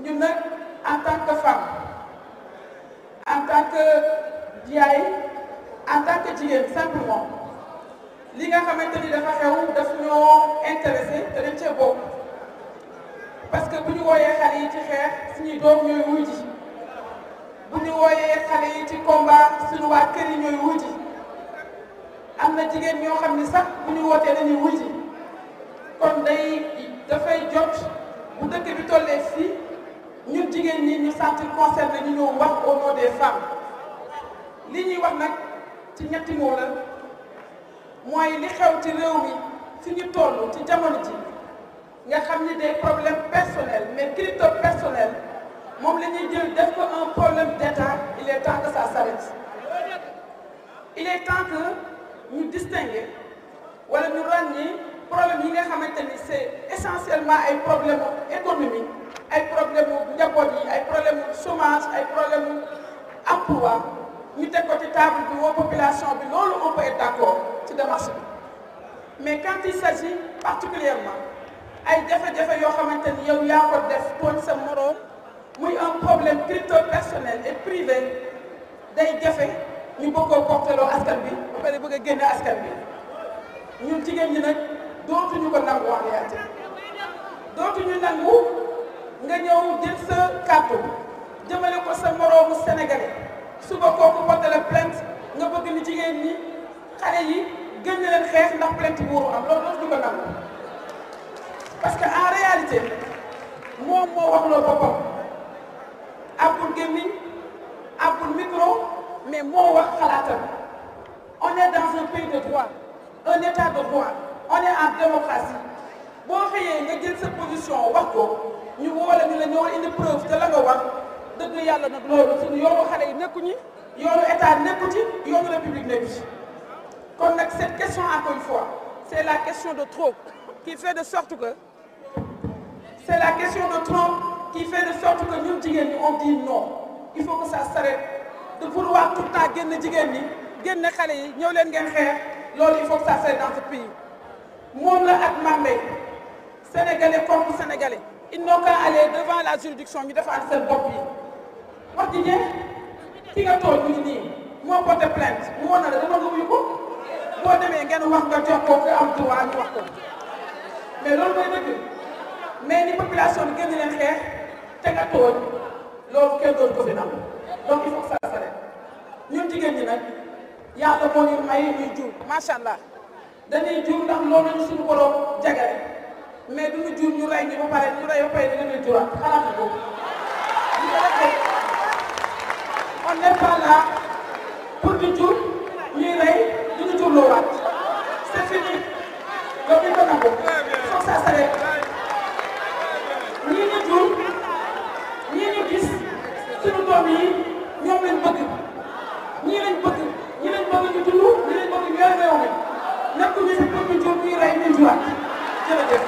ñu nag en tant que femme en tant que jigéen simplement li nga xamante ni dafa xew daf ñoo intéressé te dañ cee bokk parce que bu ñu wooyee xale yi ci xeex suñuy doom ñooy wuy ji bu ñu wooyee xale yi ci combat suñu waa kër yi am na jigéen ñoo xam ni sax bu ñu wootee dañuy wuy kon day dafay jot bu dëkk bi tollee fii ñu jigéen ñi ñu sentir concerné ñu ñoo wax au nom des femmes li ñuy wax nag ci ñetti moo la mooy li xew ci réew mi fi ñu toll ci jamono ji nga xam ni des problèmes personnels mais crypto personnel moom la ñuy jël def ko un problème d'état il est temps que ça s'arrête il est temps ñu distinguer wala ñu ràññi problème yi nga xamante ni c'est essentiellement ay problèmes économiques ay problème mu njaboot yi ay problème mu chômage ay problème mu emploi ñu teg ko ci table bi woo population bi loolu on peut être d'accord ci démarche bi mais quand il s'agit particulièrement ay jafe-jafe yoo xamante ni yow yaa ko def tooñ sa moroom muy un problème crypto personnel et privé day jafe ñu bëggoo porteloo askan bi ba pare bëgg a génne askan bi ñun jigéen ñi nag dootuñu ko nangu en réalité dootuñu nangu nga ñëw jël sa kàddu jëmale ko sa moroomu sénégalais suba kooku porté la plainte nga bëgg ni jigéen ñi xale yi gën xeex ndax plainte buuru am loolu loolu du ko nangu parce que en réalité moom moo wax loo boppam àbbul gémmiñ àbbul micro mais moo wax xalaatam on est dans un droit un état de droit on est en démocratie xëyee nga jël sa position wax ko ñu woole ni la ñoo indi preuve te la nga wax dëgg yàlla nag loolu suñu yoonu xale yi nekku ñi yoonu état nekku ci yoonu république nekku ci kon nag cette question encore une fois c'est la question de trop qui fait de sorte que c'est la question de trop qui fait de sorte que ñun jigéen ñi on dit non il faut que ça s'arrête de vouloir tout temps génn jigéen ñi génn xale yi ñëw leen ngeen xeex loolu il faut que ça s'arrête dans sénégalais comme sénégalais ils n'ont qu'à aller devant la juridiction ñu defal seen bopp yi wax ji ne ki nga toog mu woon na la dama wuyu ko boo demee ngeen wax nga jox ko nga am droit ñu wax ko mais loolu mais ni population bi gën leen xeex te nga toog loolu kenn doon ko fi am donc il faut que ça s'arrête ñun jigéen ñi nag yàlla moo ñu may ñuy jur macha allah dañuy jur ndax loolu lañu suñu borom jagale. mais du ñu juum ñu rey ñu ba pare ñu rey ba pare ñu leen di juraat xalaat ko ñu ko defee on n'est pas là pour di juum ñuy rey di ñu juumloowaat c'est fini loolu ñu ko ñu juum ñii ñu gis suñu doom yi ñoom ñu dund ñii bëgg ñu ñu si pour ñu juum ñuy rey